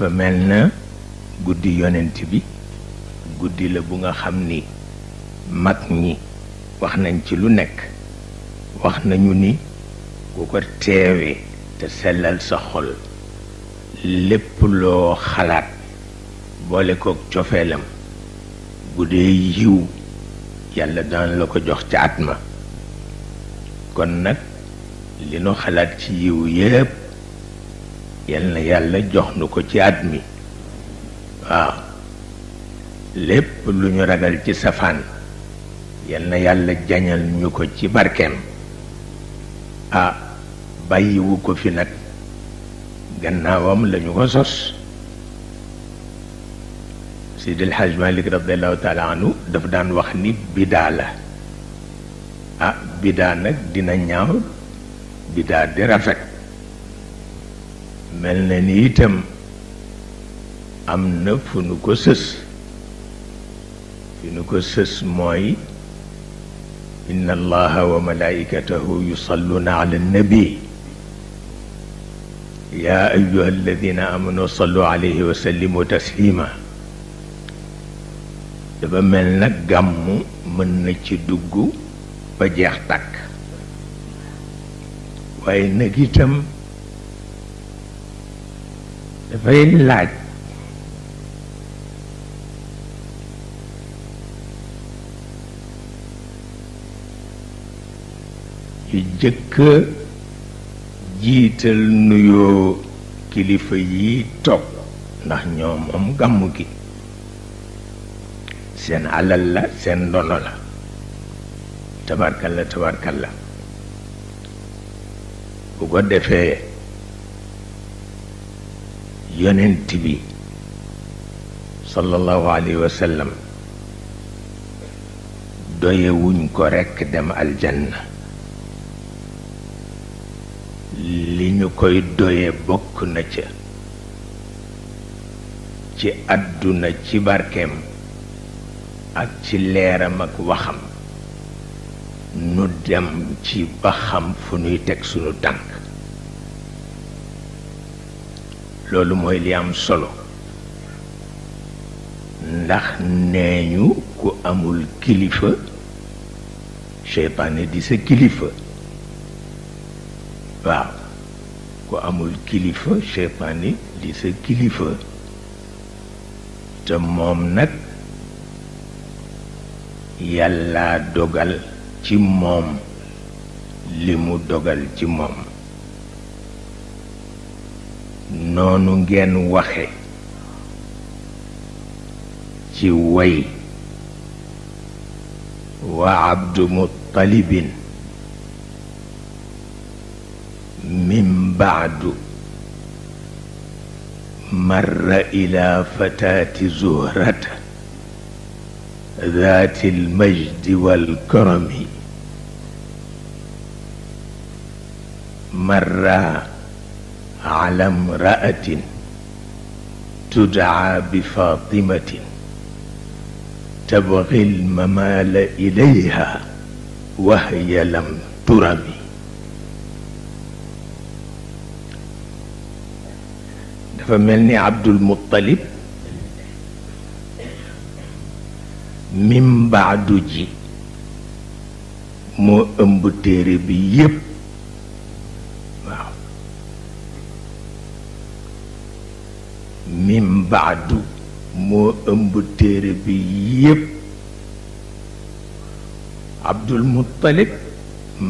dafa mel na guddi yonent bi guddi la bu nga xam ni mag ñi wax nañ ci lu nekk wax nañu ni ku ko teewee te sellal sa xol lépp loo xalaat boole kook cofeelam bu dee yiw yàlla daan la ko jox ca at ma kon nag li nu xalaat ci yiw yépp yal na yàlla jox nu ko ci at mi waaw lépp lu ñu ragal ci safaan yal yàlla jañal ñu ko ci barkeem a bàyyiwu ko fi nag gannaawam lañu ko sos Seydil Hajj Malik radiallahu taala anhu daf daan wax ni bidaa la ah bidaa nag dina ñaaw bidaa di rafet melne ni itam am na إن الله وملائكته يصلون على النبي يا أيها الذين آمنوا صلوا عليه وسلموا تسليما دابا ملنا غام من نتي دغو با جيختك واي نغيتم dafay laaj yu jëkk jiital nuyoo kilifa yi toog ndax ñoo moom gàmmu gi seen alal la seen ndono la tabarkalla tabarkalla bu ko defee yonent bi sallallahu alayhi wa doyewuñ ko rekk dem aljanna li ñu koy doye bokk na ca ci adduna ci barkeem ak ci leeram ak waxam nu dem ci ba xam fu ñuy teg sunu tànk loolu mooy li am solo ndax nee ñu ku amul kilifa seytaane di sa kilifa waaw ku amul kilifa seytaane di sa kilifa te moom nag yàlla dogal ci moom li mu dogal ci moom nonu ngeen waxe ci way wa abd muttalib min ba'd مر إلى فتاة زهرة ذات المجد والكرم مر على امرأة تدعى بفاطمة تبغي الممال إليها وهي لم ترم فملني عبد المطلب من بعد جي مو امبتيري بيب min moo ëmb téere bi yépp abdul muttalib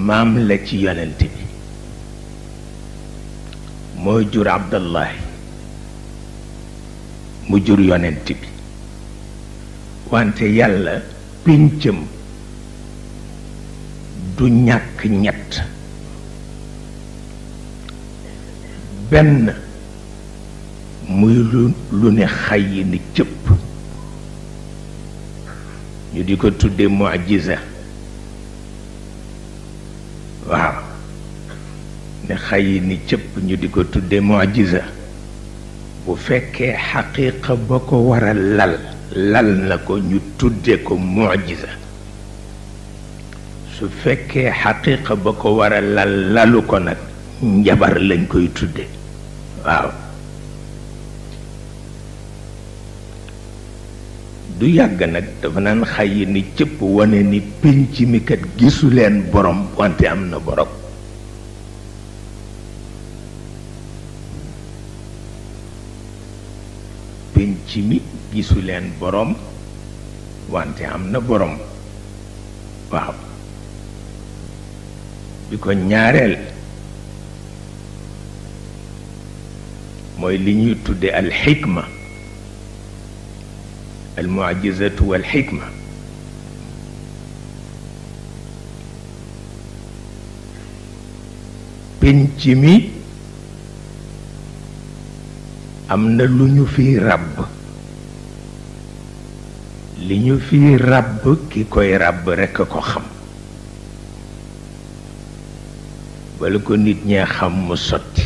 maam la ci yonent bi mooy jur abdallahi mu jur yonent bi wante yàlla péncam du ñàkk ñett benn muy lu lu ne xàyyi ni cëpp ñu di ko tudde mujiza waaw ne xàyyi ni cëpp ñu di ko tudde mujiza bu fekkee xaqiiqa ba ko war a lal lal na ko ñu tudde ko mujiza su fekkee xaqiiqa ba ko war a lal lalu ko nag njabar lañ koy tudde waaw du yàgg nag dafa naan xay ni cëpp wane ni pénc mi kat gisu leen borom wante am na borom pénc mi wante am na borom waaw bi ko ñaareel mooy li ñuy tudde alxikma المعجزه والحكمه بنجمي امنا لنو في رب لنو في رب كي كوي رب رك كو خم بلكو نيت ني خم مسوت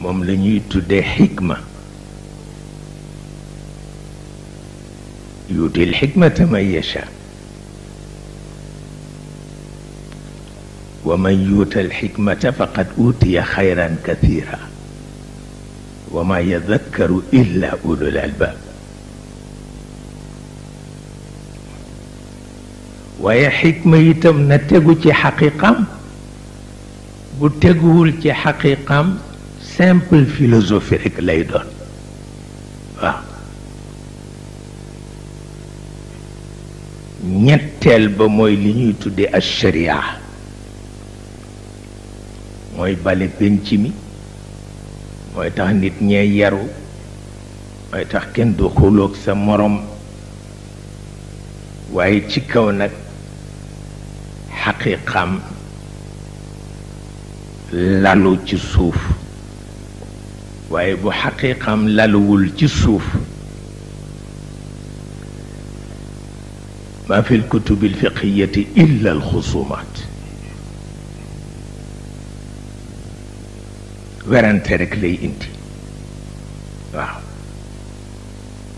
موم لنيو تودي حكمه يؤتي الحكمة من يشاء ومن يؤت الحكمة فقد أوتي خيرا كثيرا وما يذكر إلا أولو الألباب ويا حكمة يتم نتجو تي حقيقة بتجو تي حقيقة سامبل فيلوزوفي لا يدور آه. ñetteel ba mooy li ñuy tuddee al sharia mooy bale penc mi mooy tax nit ñee yaru mooy tax kenn du xuloog sa morom waaye ci kaw nag xaqiqam lalu ci suuf waaye bu xaqiqam laluwul ci suuf ما في الكتب الفقهية إلا الخصومات ورن ترك لي indi واو